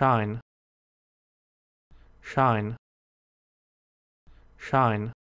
shine shine shine